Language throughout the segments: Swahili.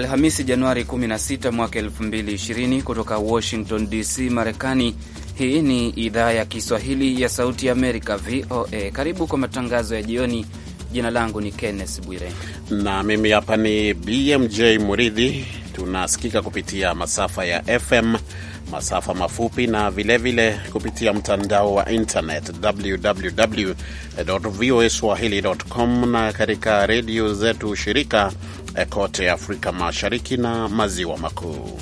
Alhamisi Januari 16 mwaka 2020 kutoka Washington DC, Marekani. Hii ni idhaa ya Kiswahili ya Sauti ya Amerika, VOA. Karibu kwa matangazo ya jioni. Jina langu ni Kenneth Bwire na mimi hapa ni BMJ Muridhi. Tunasikika kupitia masafa ya FM masafa mafupi na vilevile vile kupitia mtandao wa internet www voa swahili.com na katika redio zetu shirika eh, kote Afrika Mashariki na Maziwa Makuu.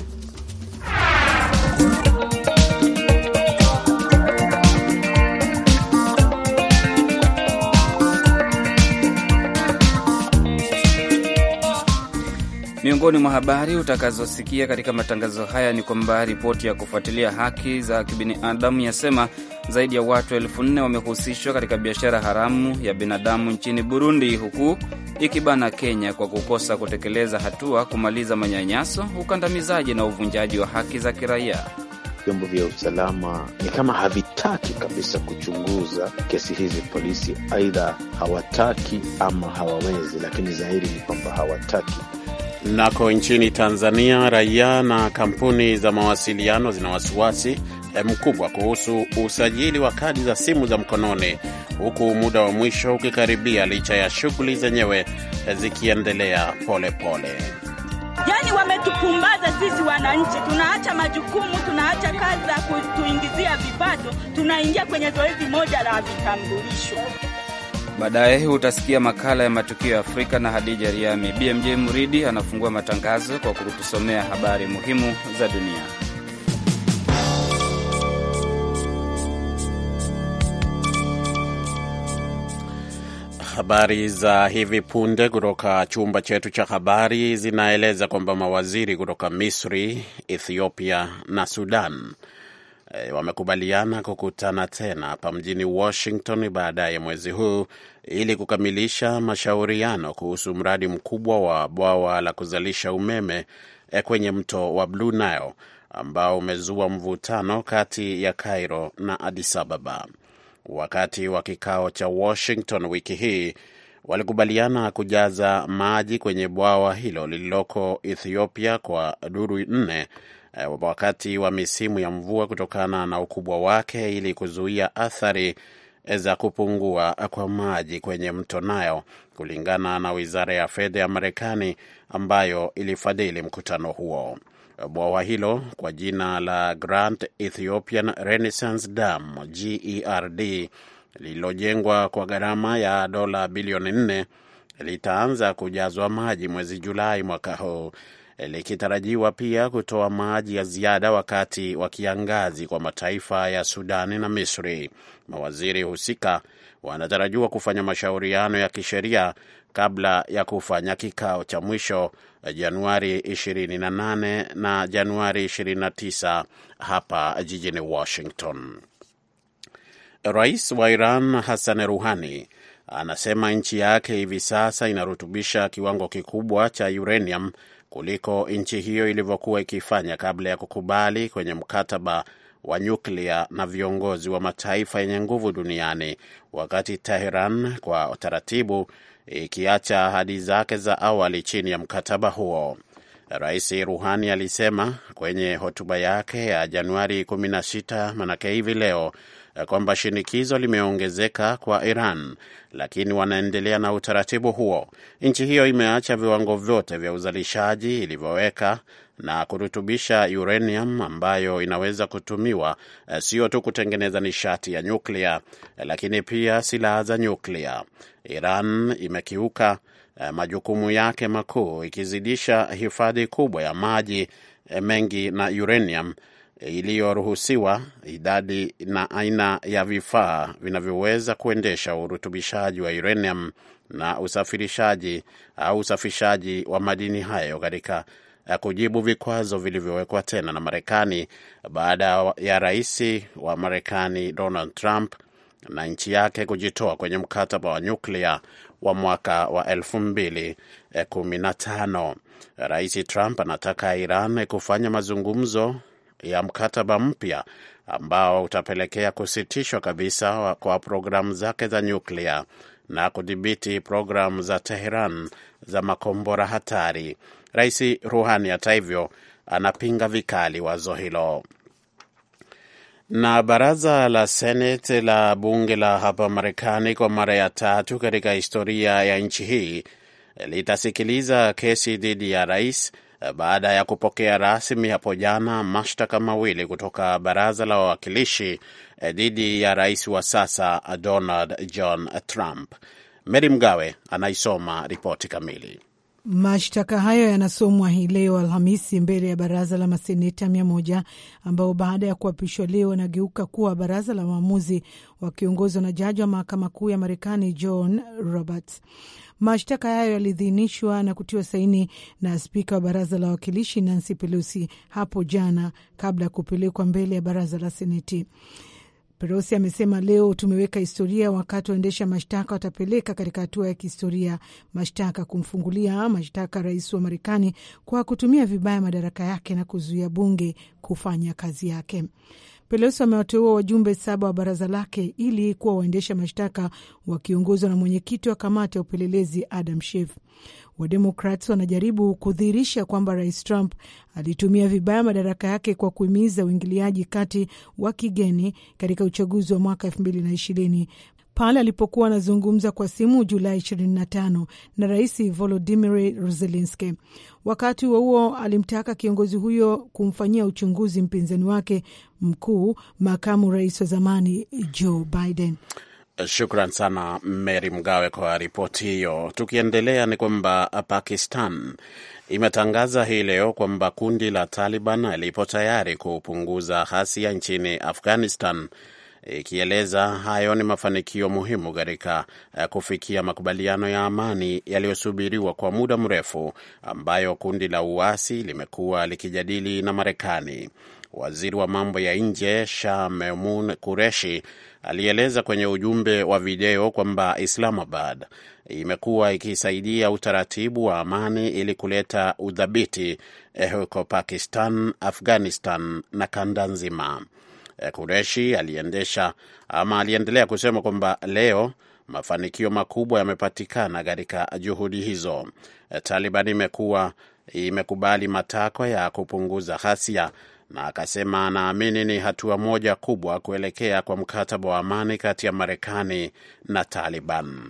Miongoni mwa habari utakazosikia katika matangazo haya ni kwamba ripoti ya kufuatilia haki za kibinadamu yasema zaidi ya watu elfu nne wamehusishwa katika biashara haramu ya binadamu nchini Burundi, huku ikibana Kenya kwa kukosa kutekeleza hatua kumaliza manyanyaso, ukandamizaji na uvunjaji wa haki za kiraia. Vyombo vya usalama ni kama havitaki kabisa kuchunguza kesi hizi. Polisi aidha hawataki ama hawawezi, lakini zahiri ni kwamba hawataki. Nako nchini Tanzania, raia na kampuni za mawasiliano zina wasiwasi eh, mkubwa kuhusu usajili wa kadi za simu za mkononi, huku muda wa mwisho ukikaribia, licha ya shughuli zenyewe eh, zikiendelea polepole. Yani wametupumbaza sisi wananchi, tunaacha majukumu, tunaacha kazi za kutuingizia vipato, tunaingia kwenye zoezi moja la vitambulisho. Baadaye utasikia makala ya matukio ya Afrika na Hadija Riami. BMJ Muridi anafungua matangazo kwa kutusomea habari muhimu za dunia. Habari za hivi punde kutoka chumba chetu cha habari zinaeleza kwamba mawaziri kutoka Misri, Ethiopia na Sudan e, wamekubaliana kukutana tena hapa mjini Washington baadaye mwezi huu ili kukamilisha mashauriano kuhusu mradi mkubwa wa bwawa la kuzalisha umeme e, kwenye mto wa Blue Nile ambao umezua mvutano kati ya Cairo na Addis Ababa. Wakati wa kikao cha Washington wiki hii walikubaliana kujaza maji kwenye bwawa hilo lililoko Ethiopia kwa duru nne Eh, wakati wa misimu ya mvua kutokana na ukubwa wake ili kuzuia athari eh, za kupungua eh, kwa maji kwenye mto Nile, kulingana na wizara ya fedha ya Marekani ambayo ilifadhili mkutano huo. Bwawa hilo kwa jina la Grand Ethiopian Renaissance Dam GERD lililojengwa kwa gharama ya dola bilioni nne litaanza kujazwa maji mwezi Julai mwaka huu likitarajiwa pia kutoa maji ya ziada wakati wa kiangazi kwa mataifa ya Sudani na Misri. Mawaziri husika wanatarajiwa kufanya mashauriano ya kisheria kabla ya kufanya kikao cha mwisho Januari 28 na Januari 29 hapa jijini Washington. Rais wa Iran Hassan ruhani anasema nchi yake hivi sasa inarutubisha kiwango kikubwa cha uranium kuliko nchi hiyo ilivyokuwa ikifanya kabla ya kukubali kwenye mkataba wa nyuklia na viongozi wa mataifa yenye nguvu duniani, wakati Teheran kwa taratibu ikiacha ahadi zake za awali chini ya mkataba huo. Rais Ruhani alisema kwenye hotuba yake ya Januari 16 manake hivi leo kwamba shinikizo limeongezeka kwa Iran, lakini wanaendelea na utaratibu huo. Nchi hiyo imeacha viwango vyote vya uzalishaji ilivyoweka na kurutubisha uranium ambayo inaweza kutumiwa eh, sio tu kutengeneza nishati ya nyuklia, eh, lakini pia silaha za nyuklia. Iran imekiuka eh, majukumu yake makuu ikizidisha hifadhi kubwa ya maji mengi na uranium iliyoruhusiwa, idadi na aina ya vifaa vinavyoweza kuendesha urutubishaji wa uranium na usafirishaji au usafishaji wa madini hayo katika eh, kujibu vikwazo vilivyowekwa tena na Marekani baada ya rais wa Marekani Donald Trump na nchi yake kujitoa kwenye mkataba wa nyuklia wa mwaka wa 2015. Eh, rais Trump anataka Iran kufanya mazungumzo ya mkataba mpya ambao utapelekea kusitishwa kabisa kwa programu zake za nyuklia na kudhibiti programu za Teheran za makombora hatari. Rais Ruhani hata hivyo anapinga vikali wazo hilo. Na baraza la senet la bunge la hapa Marekani kwa mara ya tatu katika historia ya nchi hii litasikiliza kesi dhidi ya rais Eh, baada ya kupokea rasmi hapo jana mashtaka mawili kutoka baraza la wawakilishi eh, dhidi ya rais wa sasa eh, Donald John Trump. Mary Mgawe anaisoma ripoti kamili. Mashtaka hayo yanasomwa hii leo Alhamisi mbele ya baraza la maseneta mia moja ambao baada ya kuapishwa leo wanageuka kuwa baraza la waamuzi wakiongozwa na jaji wa mahakama kuu ya Marekani John Roberts. Mashtaka hayo yalidhinishwa na kutiwa saini na spika wa baraza la wawakilishi Nancy Pelosi hapo jana kabla ya kupelekwa mbele ya baraza la Seneti. Pelosi amesema leo tumeweka historia, wakati waendesha mashtaka watapeleka katika hatua ya kihistoria mashtaka kumfungulia mashtaka rais wa Marekani kwa kutumia vibaya madaraka yake na kuzuia bunge kufanya kazi yake. Pelosi amewateua wajumbe saba wa baraza lake ili kuwa waendesha mashtaka wakiongozwa na mwenyekiti wa kamati ya upelelezi Adam Schiff. wademokrat wanajaribu kudhihirisha kwamba rais Trump alitumia vibaya madaraka yake kwa kuhimiza uingiliaji kati wa kigeni katika uchaguzi wa mwaka elfu mbili na ishirini pale alipokuwa anazungumza kwa simu Julai 25 na Rais Volodimir Zelenski. Wakati huo huo, alimtaka kiongozi huyo kumfanyia uchunguzi mpinzani wake mkuu, makamu rais wa zamani Joe Biden. Shukran sana Mary Mgawe kwa ripoti hiyo. Tukiendelea ni kwamba Pakistan imetangaza hii leo kwamba kundi la Taliban lipo tayari kupunguza ghasia nchini Afghanistan ikieleza hayo ni mafanikio muhimu katika eh, kufikia makubaliano ya amani yaliyosubiriwa kwa muda mrefu ambayo kundi la uasi limekuwa likijadili na Marekani. Waziri wa mambo ya nje Shah Mehmoon Qureshi alieleza kwenye ujumbe wa video kwamba Islamabad imekuwa ikisaidia utaratibu wa amani ili kuleta udhabiti eh, huko Pakistan, Afghanistan na kanda nzima. Kureshi eh, aliendesha ama aliendelea kusema kwamba leo mafanikio makubwa yamepatikana katika juhudi hizo. Eh, Taliban imekuwa imekubali matakwa ya kupunguza ghasia na akasema anaamini ni hatua moja kubwa kuelekea kwa mkataba wa amani kati ya Marekani na Taliban.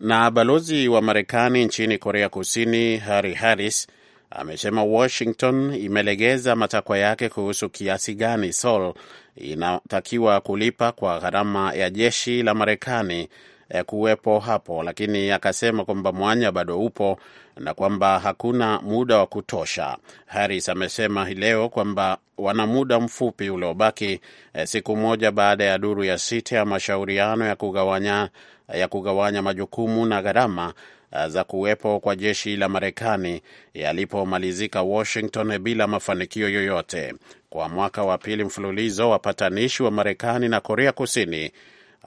Na balozi wa Marekani nchini Korea Kusini Harry Harris amesema Washington imelegeza matakwa yake kuhusu kiasi gani Seoul inatakiwa kulipa kwa gharama ya jeshi la Marekani eh, kuwepo hapo, lakini akasema kwamba mwanya bado upo na kwamba hakuna muda wa kutosha. Harris amesema hii leo kwamba wana muda mfupi uliobaki, eh, siku moja baada ya duru ya sita ya mashauriano ya kugawanya, ya kugawanya majukumu na gharama Eh, za kuwepo kwa jeshi la Marekani yalipomalizika Washington bila mafanikio yoyote. Kwa mwaka wa pili mfululizo, wapatanishi wa Marekani na Korea Kusini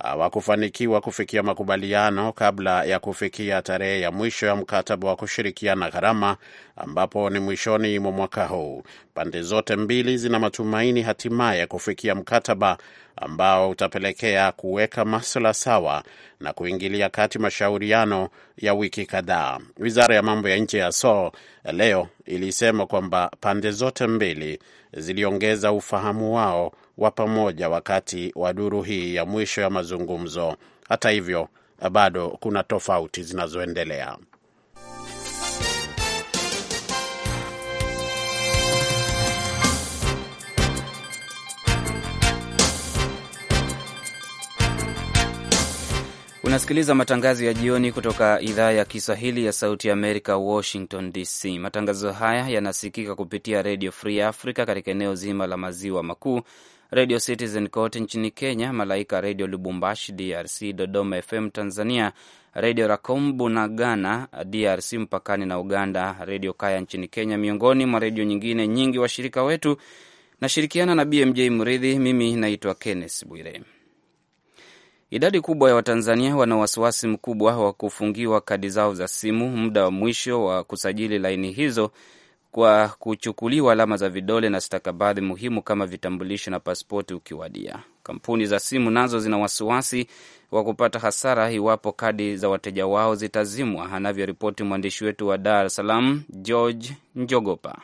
hawakufanikiwa kufikia makubaliano kabla ya kufikia tarehe ya mwisho ya mkataba wa kushirikiana gharama, ambapo ni mwishoni mwa mwaka huu. Pande zote mbili zina matumaini hatimaye kufikia mkataba ambao utapelekea kuweka masuala sawa na kuingilia kati mashauriano ya wiki kadhaa. Wizara ya mambo ya nje ya Seoul leo ilisema kwamba pande zote mbili ziliongeza ufahamu wao wa pamoja wakati wa duru hii ya mwisho ya mazungumzo. Hata hivyo, bado kuna tofauti zinazoendelea. Unasikiliza matangazo ya jioni kutoka idhaa ya Kiswahili ya Sauti ya Amerika, Washington DC. Matangazo haya yanasikika kupitia Redio Free Africa katika eneo zima la maziwa makuu, Redio Citizen kote nchini Kenya, Malaika Redio Lubumbashi DRC, Dodoma FM Tanzania, Redio Rakombu na Ghana DRC mpakani na Uganda, Redio Kaya nchini Kenya, miongoni mwa redio nyingine nyingi washirika wetu. Nashirikiana na BMJ Mridhi. Mimi naitwa Kenneth Bwire. Idadi kubwa ya Watanzania wana wasiwasi mkubwa wa kufungiwa kadi zao za simu muda wa mwisho wa kusajili laini hizo kwa kuchukuliwa alama za vidole na stakabadhi muhimu kama vitambulisho na paspoti ukiwadia. Kampuni za simu nazo zina wasiwasi wa kupata hasara iwapo kadi za wateja wao zitazimwa, anavyoripoti mwandishi wetu wa Dar es Salaam George Njogopa.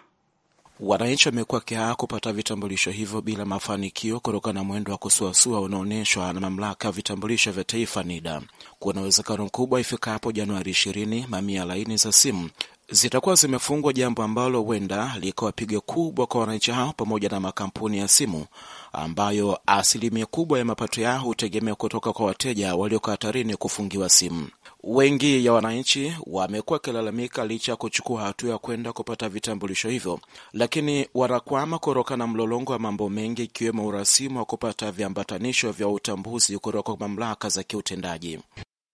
Wananchi wamekuwa kihaa kupata vitambulisho hivyo bila mafanikio kutokana na mwendo wa kusuasua unaonyeshwa na mamlaka ya vitambulisho vya taifa NIDA. Kuna uwezekano mkubwa ifikapo Januari ishirini, mamia laini za simu zitakuwa zimefungwa, jambo ambalo huenda likawa pigo kubwa kwa wananchi hao pamoja na makampuni ya simu ambayo asilimia kubwa ya mapato yao hutegemea kutoka kwa wateja walioko hatarini kufungiwa simu. Wengi ya wananchi wamekuwa wakilalamika licha ya kuchukua hatua ya kwenda kupata vitambulisho hivyo, lakini wanakwama kutokana na mlolongo wa mambo mengi, ikiwemo urasimu wa kupata viambatanisho vya utambuzi kutoka mamlaka za kiutendaji.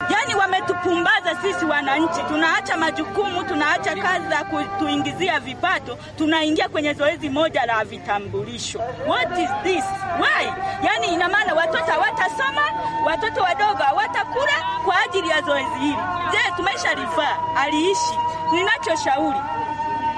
Yani wametupumbaza sisi wananchi, tunaacha majukumu, tunaacha kazi za kutuingizia vipato, tunaingia kwenye zoezi moja la vitambulisho. What is this? Why? Yani ina maana watoto hawatasoma, watoto wadogo hawatakula kwa ajili ya zoezi hili. Je, tumeisha rifaa aliishi? Ninachoshauri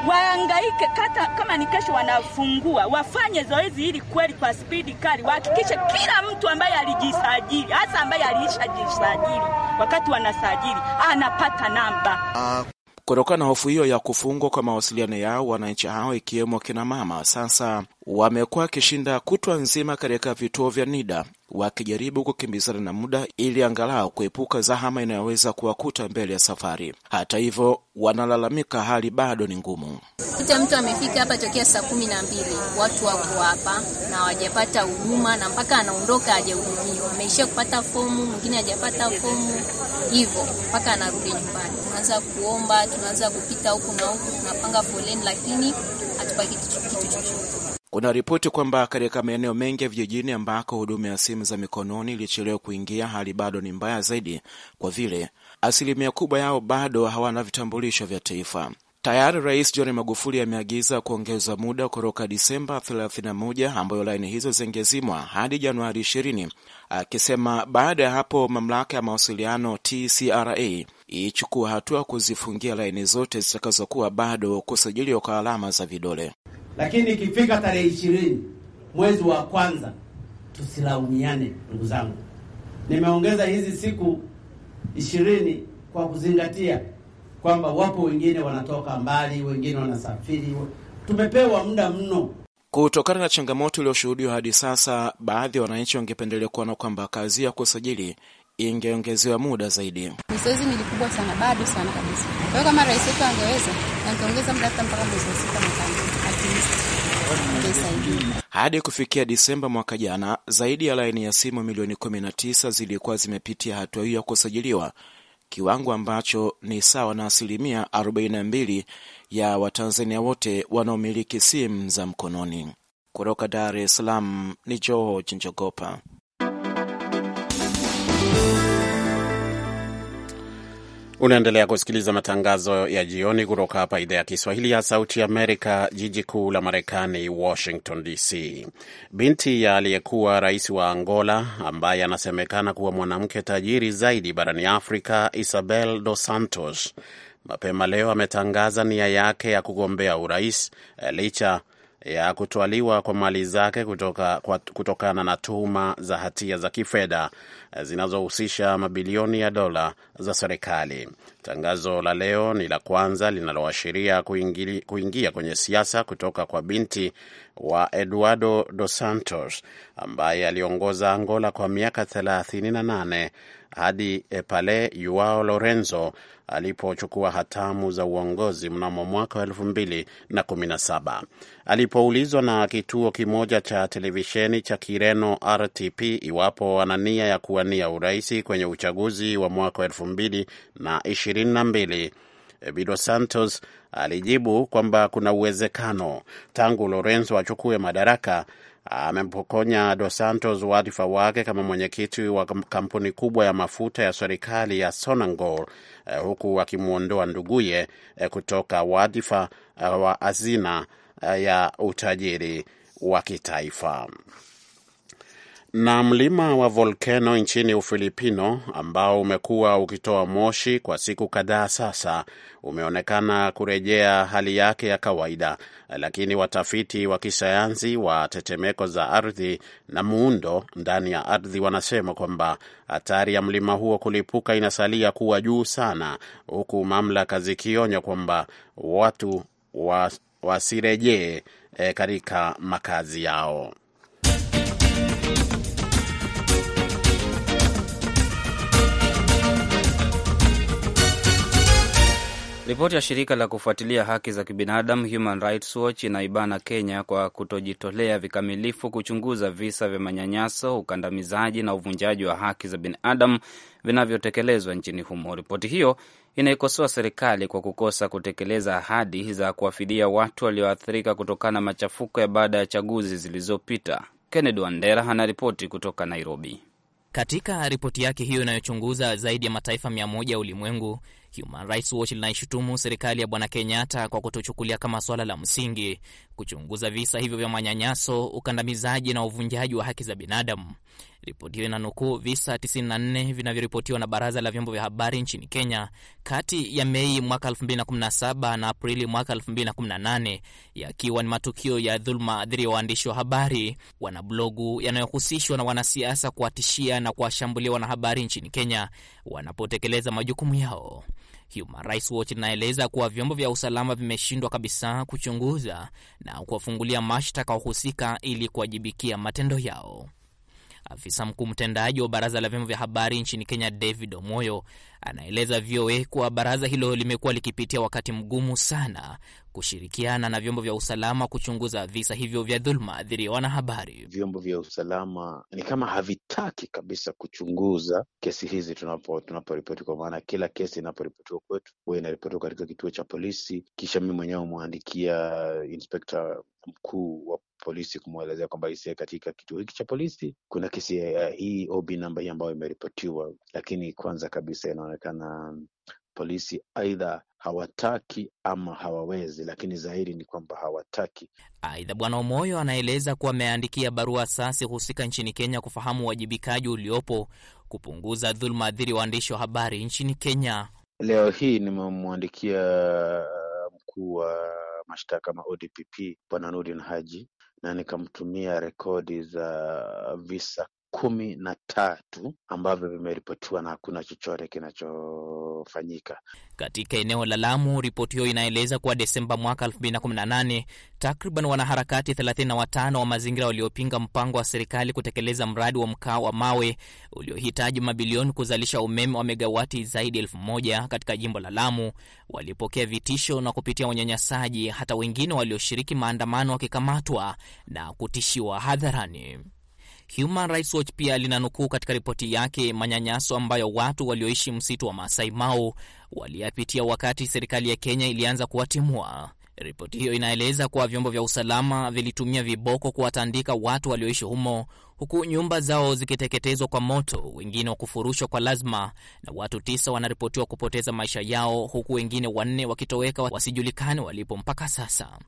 waangaike kata, kama ni kesho wanafungua, wafanye zoezi hili kweli kwa spidi kali, wahakikishe kila mtu ambaye alijisajili, hasa ambaye alishajisajili wakati wanasajili anapata namba uh. Kutokana na hofu hiyo ya kufungwa kwa mawasiliano yao, wananchi hao ikiwemo kina mama sasa wamekuwa wakishinda kutwa nzima katika vituo vya NIDA wakijaribu kukimbizana na muda ili angalau kuepuka zahama inayoweza kuwakuta mbele ya safari. Hata hivyo, wanalalamika hali bado ni ngumu. Kuta mtu amefika hapa tokea saa kumi na mbili, watu wako hapa na hawajapata huduma, na mpaka anaondoka hajahudumiwa. Ameishia kupata fomu, mwingine hajapata fomu, hivyo mpaka anarudi nyumbani. Tunaanza kuomba, tunaanza kupita huku na huku, tunapanga foleni, lakini hatupaki kitu chochote. Kuna ripoti kwamba katika maeneo mengi ya vijijini ambako huduma ya simu za mikononi ilichelewa kuingia, hali bado ni mbaya zaidi, kwa vile asilimia kubwa yao bado hawana vitambulisho vya taifa. Tayari Rais John Magufuli ameagiza kuongeza muda kutoka Disemba 31 ambayo laini hizo zingezimwa hadi Januari 20, akisema baada ya hapo mamlaka ya mawasiliano TCRA ichukua hatua kuzifungia laini zote zitakazokuwa bado kusajiliwa kwa alama za vidole. Lakini ikifika tarehe ishirini mwezi wa kwanza, tusilaumiane ndugu zangu. Nimeongeza hizi siku ishirini kwa kuzingatia kwamba wapo wengine wanatoka mbali, wengine wanasafiri. Tumepewa muda mno. Kutokana na changamoto iliyoshuhudiwa hadi sasa, baadhi ya wananchi wangependelea kuona kwamba kazi ya kusajili ingeongezewa muda zaidi. Ni ni kubwa sana, bado sana kabisa. Kwa hiyo kama rais wetu angeweza angeongeza muda hata mpaka mwezi wa sita mwaka hadi kufikia Disemba mwaka jana, zaidi ya laini ya simu milioni 19 zilikuwa zimepitia hatua hiyo ya kusajiliwa, kiwango ambacho ni sawa na asilimia 42 ya Watanzania wote wanaomiliki simu za mkononi. Kutoka Dar es Salaam ni George Njogopa. Unaendelea kusikiliza matangazo ya jioni kutoka hapa idhaa ya Kiswahili ya Sauti ya Amerika, jiji kuu la Marekani, Washington DC. Binti ya aliyekuwa rais wa Angola ambaye anasemekana kuwa mwanamke tajiri zaidi barani Afrika, Isabel Dos Santos, mapema leo ametangaza nia yake ya kugombea urais licha ya kutwaliwa kwa mali zake kutokana kutoka na tuhuma za hatia za kifedha zinazohusisha mabilioni ya dola za serikali. Tangazo la leo ni la kwanza linaloashiria kuingia, kuingia kwenye siasa kutoka kwa binti wa Eduardo Dos Santos ambaye aliongoza Angola kwa miaka 38 hadi pale yuao Lorenzo alipochukua hatamu za uongozi mnamo mwaka wa saba. Alipoulizwa na kituo kimoja cha televisheni cha Kireno RTP iwapo ana nia ya kuwa kuwania uraisi kwenye uchaguzi wa mwaka wa elfu mbili na ishirini na mbili. Bido Santos alijibu kwamba kuna uwezekano tangu Lorenzo achukue madaraka amempokonya Dos Santos wadhifa wake kama mwenyekiti wa kampuni kubwa ya mafuta ya serikali ya Sonangol, eh, huku akimwondoa nduguye eh, kutoka wadhifa eh, wa hazina ya utajiri wa kitaifa. Na mlima wa volkano nchini Ufilipino ambao umekuwa ukitoa moshi kwa siku kadhaa sasa umeonekana kurejea hali yake ya kawaida, lakini watafiti wa kisayansi wa tetemeko za ardhi na muundo ndani ya ardhi wanasema kwamba hatari ya mlima huo kulipuka inasalia kuwa juu sana, huku mamlaka zikionya kwamba watu wasirejee e, katika makazi yao. Ripoti ya shirika la kufuatilia haki za kibinadamu Human Rights Watch inaibana Kenya kwa kutojitolea vikamilifu kuchunguza visa vya manyanyaso, ukandamizaji na uvunjaji wa haki za binadamu vinavyotekelezwa nchini humo. Ripoti hiyo inaikosoa serikali kwa kukosa kutekeleza ahadi za kuwafidia watu walioathirika kutokana na machafuko ya baada ya chaguzi zilizopita. Kennedy Wandera anaripoti kutoka Nairobi. Katika ripoti yake hiyo inayochunguza zaidi ya mataifa mia moja ya ulimwengu, Human Rights Watch linaishutumu serikali ya bwana Kenyatta kwa kutochukulia kama swala la msingi kuchunguza visa hivyo vya manyanyaso, ukandamizaji na uvunjaji wa haki za binadamu. Ripoti hiyo inanukuu visa 94 vinavyoripotiwa na baraza la vyombo vya habari nchini Kenya kati ya Mei mwaka 2017 na Aprili mwaka 2018, yakiwa ni matukio ya dhuluma dhidi ya waandishi wa habari, wanablogu, yanayohusishwa na wanasiasa kuwatishia na kuwashambulia wanahabari nchini Kenya wanapotekeleza majukumu yao. Human Rights Watch inaeleza kuwa vyombo vya usalama vimeshindwa kabisa kuchunguza na kuwafungulia mashtaka wahusika ili kuwajibikia matendo yao. Afisa mkuu mtendaji wa baraza la vyombo vya habari nchini Kenya, David Omoyo, anaeleza VOA kuwa baraza hilo limekuwa likipitia wakati mgumu sana kushirikiana na vyombo vya usalama kuchunguza visa hivyo vya dhuluma dhidi ya wanahabari. Vyombo vya usalama ni kama havitaki kabisa kuchunguza kesi hizi tunapo tunaporipoti, kwa maana kila kesi inaporipotiwa kwetu huwa inaripotiwa katika kituo cha polisi, kisha mimi mwenyewe humwandikia inspekta mkuu wa polisi kumwelezea kwamba isie katika kituo hiki cha polisi kuna kesi uh, hii OB namba hii ambayo imeripotiwa, lakini kwanza kabisa inaonekana polisi aidha hawataki ama hawawezi, lakini zaidi ni kwamba hawataki. Aidha, Bwana Omoyo anaeleza kuwa ameandikia barua sasi husika nchini Kenya kufahamu uwajibikaji uliopo kupunguza dhuluma adhiri waandishi wa habari nchini Kenya. Leo hii nimemwandikia mkuu wa mashtaka ma ODPP Bwana nurin Haji na nikamtumia rekodi za visa kumi na tatu ambavyo vimeripotiwa na hakuna chochote kinachofanyika katika eneo la Lamu. Ripoti hiyo inaeleza kuwa Desemba mwaka 2018 takriban wanaharakati 35 wa mazingira waliopinga mpango wa serikali kutekeleza mradi wa mkaa wa mawe uliohitaji mabilioni kuzalisha umeme wa megawati zaidi elfu moja katika jimbo la Lamu walipokea vitisho na kupitia unyanyasaji, hata wengine walioshiriki maandamano wakikamatwa na kutishiwa hadharani. Human Rights Watch pia linanukuu katika ripoti yake manyanyaso ambayo watu walioishi msitu wa maasai Mao waliyapitia wakati serikali ya Kenya ilianza kuwatimua. Ripoti hiyo inaeleza kuwa vyombo vya usalama vilitumia viboko kuwatandika watu walioishi humo, huku nyumba zao zikiteketezwa kwa moto, wengine wa kufurushwa kwa lazima, na watu tisa wanaripotiwa kupoteza maisha yao, huku wengine wanne wakitoweka wasijulikane walipo mpaka sasa.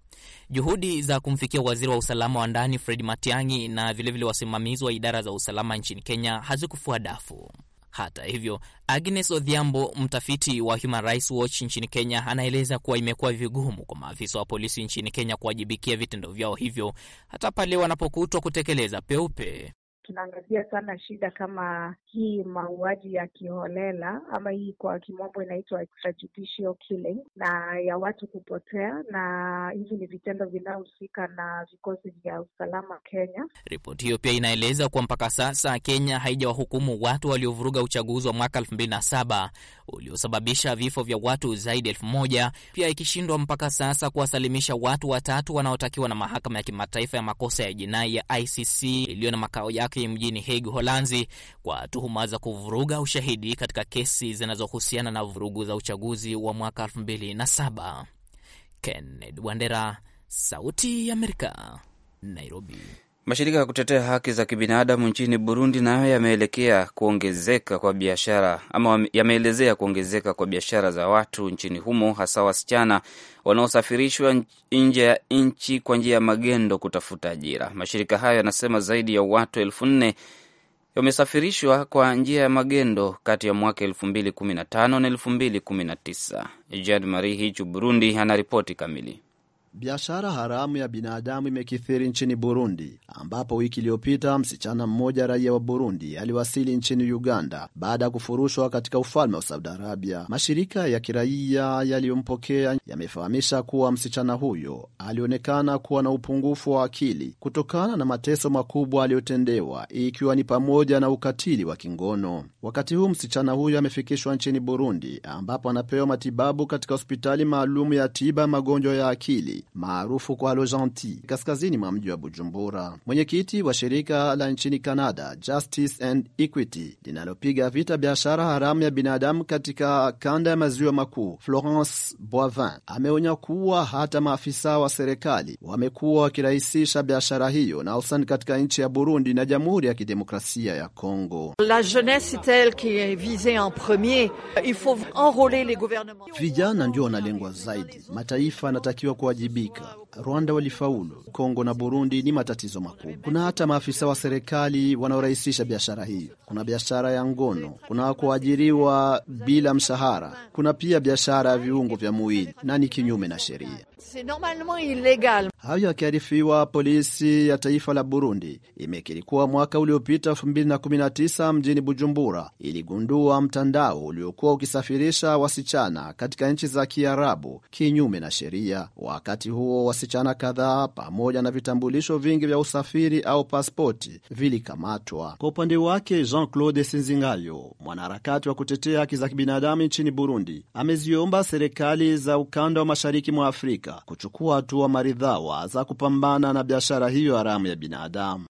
Juhudi za kumfikia waziri wa usalama wa ndani Fred Matiang'i na vilevile wasimamizi wa idara za usalama nchini Kenya hazikufua dafu. Hata hivyo, Agnes Odhiambo, mtafiti wa Human Rights Watch nchini Kenya, anaeleza kuwa imekuwa vigumu kwa maafisa wa polisi nchini Kenya kuwajibikia vitendo vyao hivyo hata pale wanapokutwa kutekeleza peupe tunaangazia sana shida kama hii mauaji ya kiholela ama hii kwa kimombo inaitwa extrajudicial killing, na ya watu kupotea, na hivi ni vitendo vinavyohusika na vikosi vya usalama Kenya. Ripoti hiyo pia inaeleza kuwa mpaka sasa Kenya haijawahukumu watu waliovuruga uchaguzi wa mwaka elfu mbili na saba uliosababisha vifo vya watu zaidi elfu moja pia ikishindwa mpaka sasa kuwasalimisha watu watatu wanaotakiwa na mahakama ya kimataifa ya makosa ya jinai ya ICC iliyo na makao yake haki mjini Hague, Holanzi, kwa tuhuma za kuvuruga ushahidi katika kesi zinazohusiana na vurugu za uchaguzi wa mwaka 2007. Kenneth Wandera, Sauti ya Amerika, Nairobi. Mashirika ya kutetea haki za kibinadamu nchini Burundi nayo yameelekea kuongezeka kwa biashara ama yameelezea kuongezeka kwa biashara za watu nchini humo, hasa wasichana wanaosafirishwa nje ya nchi kwa njia ya magendo kutafuta ajira. Mashirika hayo yanasema zaidi ya watu elfu nne wamesafirishwa kwa njia ya magendo kati ya mwaka elfu mbili kumi na tano na elfu mbili kumi na tisa. Jean Marie Hichu, Burundi, anaripoti kamili. Biashara haramu ya binadamu imekithiri nchini Burundi, ambapo wiki iliyopita msichana mmoja raia wa Burundi aliwasili nchini Uganda baada ya kufurushwa katika ufalme wa Saudi Arabia. Mashirika ya kiraia yaliyompokea yamefahamisha kuwa msichana huyo alionekana kuwa na upungufu wa akili kutokana na mateso makubwa aliyotendewa, ikiwa ni pamoja na ukatili wa kingono. Wakati huu msichana huyo amefikishwa nchini Burundi, ambapo anapewa matibabu katika hospitali maalum ya tiba ya magonjwa ya akili maarufu kwa Lojanti, kaskazini mwa mji wa Bujumbura. Mwenyekiti wa shirika la nchini Canada Justice and Equity linalopiga vita biashara haramu ya binadamu katika kanda ya maziwa makuu, Florence Boivin, ameonya kuwa hata maafisa wa serikali wamekuwa wakirahisisha biashara hiyo na hususan katika nchi ya Burundi na Jamhuri ya Kidemokrasia ya Kongo. La jeunesse est elle qui est en premier. Il faut les gouvernements. Vijana ndio wanalengwa zaidi. Mataifa yanatakiwa kuwajibika imeharibika. Rwanda walifaulu, Kongo na Burundi ni matatizo makubwa. Kuna hata maafisa wa serikali wanaorahisisha biashara hiyo Kuna biashara ya ngono, kuna kuajiriwa bila mshahara, kuna pia biashara ya viungo vya mwili na ni kinyume na sheria. Hayo yakiarifiwa, polisi ya taifa la Burundi imekiri kuwa mwaka uliopita 2019 mjini Bujumbura iligundua mtandao uliokuwa ukisafirisha wasichana katika nchi za Kiarabu kinyume na sheria. Wakati huo, wasichana kadhaa pamoja na vitambulisho vingi vya usafiri au pasipoti vilikamatwa. Kwa upande wake, Jean Claude Sinzingayo, mwanaharakati wa kutetea haki za kibinadamu nchini Burundi, ameziomba serikali za ukanda wa mashariki mwa Afrika Afrika kuchukua hatua maridhawa za kupambana na biashara hiyo haramu ya binadamu.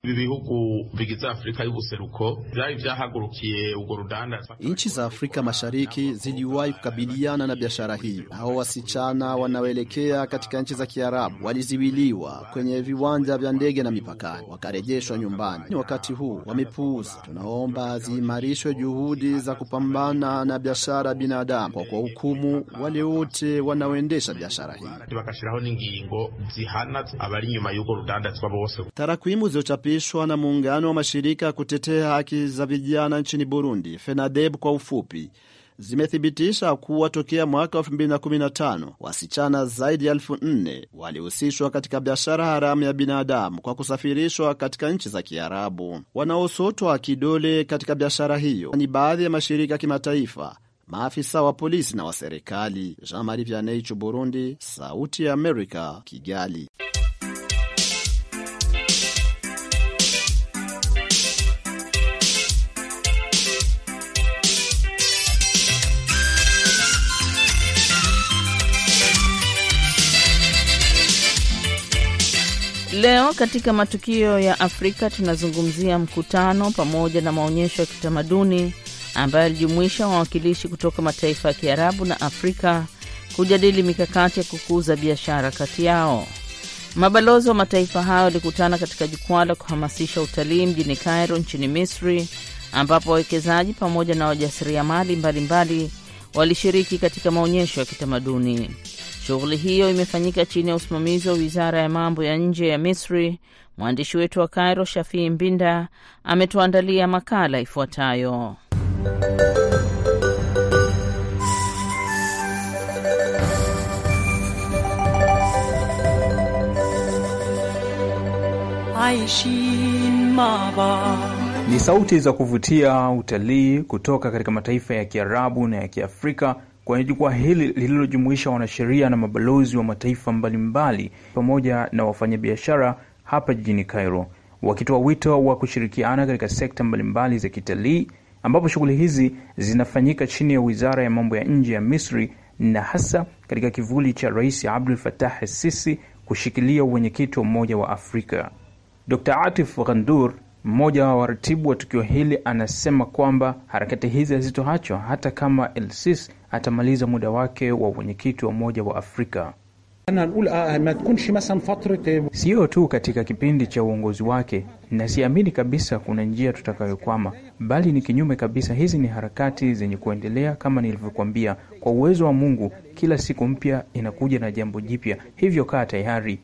Nchi za Afrika Mashariki ziliwahi kukabiliana na biashara hiyo. Hao wasichana wanaoelekea katika nchi za Kiarabu waliziwiliwa kwenye viwanja vya ndege na mipakani, wakarejeshwa nyumbani. Wakati huu wamepuuza. Tunaomba ziimarishwe juhudi za kupambana na biashara ya binadamu kwa kuwahukumu wale wote wanaoendesha biashara hii bagashiraho n'ingingo zihana abari nyuma y'uko rudandazwa bose. Tarakwimu zilizochapishwa na muungano wa mashirika ya kutetea haki za vijana nchini Burundi, FENADEB kwa ufupi, zimethibitisha kuwa tokea mwaka 2015 wasichana zaidi ya elfu nne walihusishwa katika biashara haramu ya binadamu kwa kusafirishwa katika nchi za Kiarabu. Wanaosotwa kidole katika biashara hiyo ni baadhi ya mashirika ya kimataifa maafisa wa polisi na wa serikali. Jean Marie Vianney, Burundi, Sauti ya Amerika, Kigali. Leo katika matukio ya Afrika tunazungumzia mkutano pamoja na maonyesho ya kitamaduni ambayo alijumuisha wawakilishi kutoka mataifa ya Kiarabu na Afrika kujadili mikakati ya kukuza biashara kati yao. Mabalozi wa mataifa hayo walikutana katika jukwaa la kuhamasisha utalii mjini Cairo nchini Misri, ambapo wawekezaji pamoja na wajasiriamali mbalimbali walishiriki katika maonyesho ya kitamaduni. Shughuli hiyo imefanyika chini ya usimamizi wa wizara ya mambo ya nje ya Misri. Mwandishi wetu wa Cairo, Shafii Mbinda, ametuandalia makala ifuatayo. Ni sauti za kuvutia utalii kutoka katika mataifa ya Kiarabu na ya Kiafrika kwenye jukwaa hili lililojumuisha wanasheria na mabalozi wa mataifa mbalimbali pamoja na wafanyabiashara hapa jijini Cairo, wakitoa wito wa kushirikiana katika sekta mbalimbali za kitalii ambapo shughuli hizi zinafanyika chini ya Wizara ya Mambo ya Nje ya Misri na hasa katika kivuli cha Rais Abdul fatah Sisi kushikilia uwenyekiti wa Umoja wa Afrika. Dr. Atif Ghandur, mmoja wa waratibu wa tukio hili, anasema kwamba harakati hizi hazitoachwa hata kama El Sisi atamaliza muda wake wa uwenyekiti wa Umoja wa Afrika. Sio tu katika kipindi cha uongozi wake, na siamini kabisa kuna njia tutakayokwama, bali ni kinyume kabisa. Hizi ni harakati zenye kuendelea, kama nilivyokuambia. Kwa uwezo wa Mungu, kila siku mpya inakuja na jambo jipya, hivyo kaa tayari.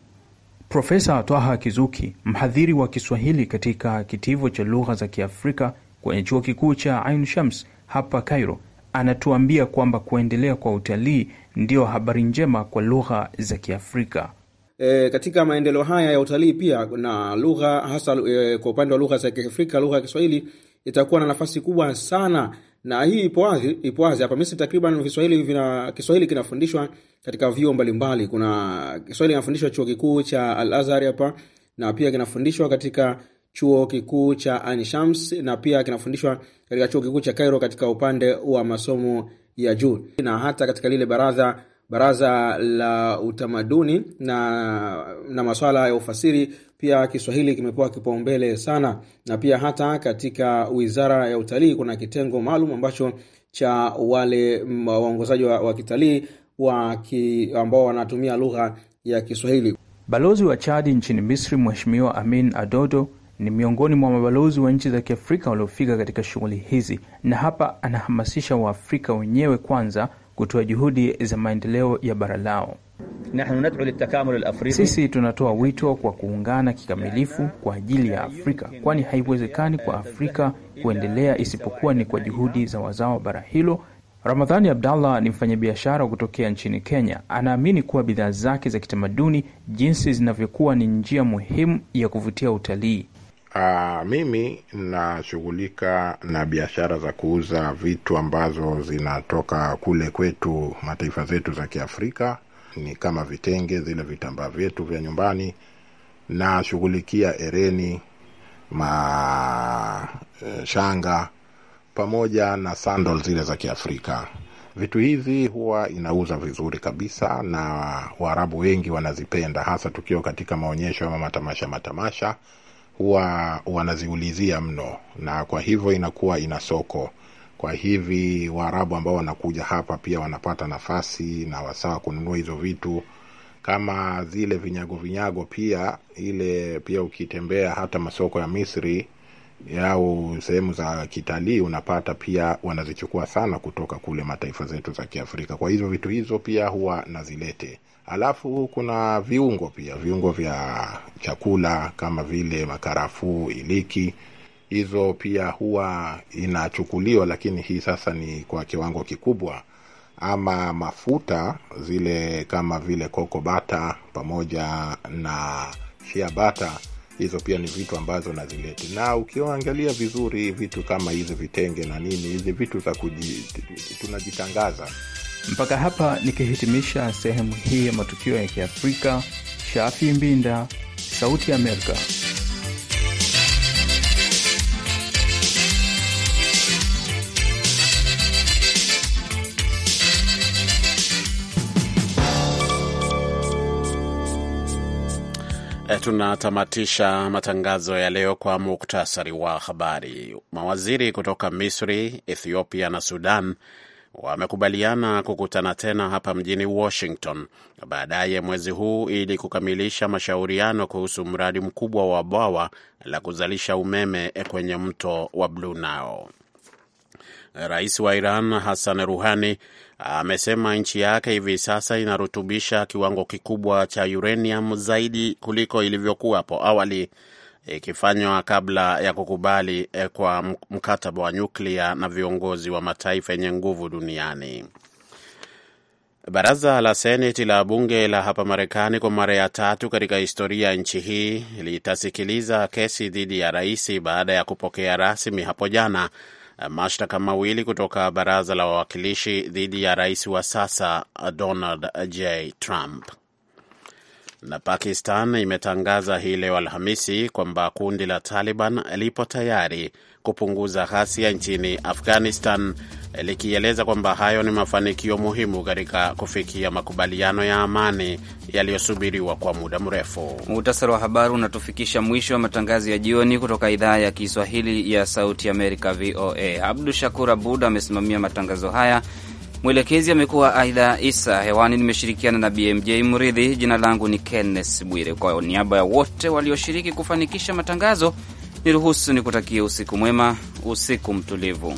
Profesa Twaha Kizuki, mhadhiri wa Kiswahili katika kitivo cha lugha za Kiafrika kwenye chuo kikuu cha Ain Shams hapa Cairo, anatuambia kwamba kuendelea kwa utalii ndiyo habari njema kwa lugha za Kiafrika. E, katika maendeleo haya ya utalii pia na lugha hasa e, kwa upande wa lugha za Kiafrika, lugha ya Kiswahili itakuwa na nafasi kubwa sana, na hii ipo wazi, ipo wazi hapa Misri. Takriban Kiswahili vina Kiswahili kinafundishwa katika vyuo mbalimbali. Kuna Kiswahili kinafundishwa chuo kikuu cha Al Azhar hapa na pia kinafundishwa katika chuo kikuu cha Anshams na pia kinafundishwa katika chuo kikuu cha Cairo katika upande wa masomo ya juu na hata katika lile baraza baraza la utamaduni na, na masuala ya ufasiri pia Kiswahili kimekuwa kipaumbele sana, na pia hata katika wizara ya utalii kuna kitengo maalum ambacho cha wale waongozaji wa, wa kitalii wa ki, ambao wanatumia lugha ya Kiswahili. Balozi wa Chadi nchini Misri Mheshimiwa Amin Adodo ni miongoni mwa mabalozi wa nchi za Kiafrika waliofika katika shughuli hizi, na hapa anahamasisha Waafrika wenyewe kwanza kutoa juhudi za maendeleo ya bara lao. Sisi tunatoa wito kwa kuungana kikamilifu kwa ajili ya Afrika, kwani haiwezekani kwa Afrika kuendelea isipokuwa ni kwa juhudi za wazao wa bara hilo. Ramadhani Abdallah ni mfanyabiashara kutokea nchini Kenya. Anaamini kuwa bidhaa zake za kitamaduni jinsi zinavyokuwa ni njia muhimu ya kuvutia utalii. Aa, ah, mimi nashughulika na biashara za kuuza vitu ambazo zinatoka kule kwetu mataifa zetu za Kiafrika, ni kama vitenge, zile vitambaa vyetu vya nyumbani. Nashughulikia ereni mashanga eh, pamoja na sandal zile za Kiafrika. Vitu hivi huwa inauza vizuri kabisa, na Waarabu wengi wanazipenda, hasa tukiwa katika maonyesho ama matamasha matamasha huwa wanaziulizia mno, na kwa hivyo inakuwa ina soko kwa hivi Waarabu ambao wanakuja hapa pia wanapata nafasi na wasawa kununua hizo vitu kama zile vinyago vinyago. Pia ile pia ukitembea hata masoko ya Misri au sehemu za kitalii unapata pia wanazichukua sana kutoka kule mataifa zetu za Kiafrika. Kwa hivyo vitu hizo pia huwa nazilete Alafu kuna viungo pia, viungo vya chakula kama vile makarafuu, iliki, hizo pia huwa inachukuliwa, lakini hii sasa ni kwa kiwango kikubwa, ama mafuta zile kama vile koko bata pamoja na shia bata hizo pia ni vitu ambazo nazileti, na ukiangalia vizuri vitu kama hizi vitenge na nini, hizi vitu za tunajitangaza mpaka hapa nikihitimisha sehemu hii ya matukio ya Kiafrika. Shafi Mbinda, Sauti ya Amerika. Eh, tunatamatisha matangazo ya leo kwa muktasari wa habari. Mawaziri kutoka Misri, Ethiopia na Sudan wamekubaliana kukutana tena hapa mjini Washington baadaye mwezi huu ili kukamilisha mashauriano kuhusu mradi mkubwa wa bwawa la kuzalisha umeme kwenye mto wa Blue Nile. Rais wa Iran Hassan ruhani amesema nchi yake hivi sasa inarutubisha kiwango kikubwa cha uranium zaidi kuliko ilivyokuwa hapo awali ikifanywa kabla ya kukubali eh, kwa mkataba wa nyuklia na viongozi wa mataifa yenye nguvu duniani. Baraza la Seneti la bunge la hapa Marekani kwa mara ya tatu katika historia ya nchi hii litasikiliza kesi dhidi ya rais baada ya kupokea rasmi hapo jana eh, mashtaka mawili kutoka baraza la wawakilishi dhidi ya rais wa sasa Donald J Trump. Na Pakistan imetangaza hii leo Alhamisi kwamba kundi la Taliban lipo tayari kupunguza ghasia nchini Afghanistan, likieleza kwamba hayo ni mafanikio muhimu katika kufikia makubaliano ya amani yaliyosubiriwa kwa muda mrefu. Muhtasari wa habari unatufikisha mwisho wa matangazo ya jioni kutoka idhaa ya Kiswahili ya Sauti Amerika, VOA. Abdu Shakur Abud amesimamia matangazo haya. Mwelekezi amekuwa aidha Isa hewani. Nimeshirikiana na BMJ Mridhi. Jina langu ni Kenneth Bwire. Kwa niaba ya wote walioshiriki kufanikisha matangazo, niruhusu nikutakie usiku mwema, usiku mtulivu.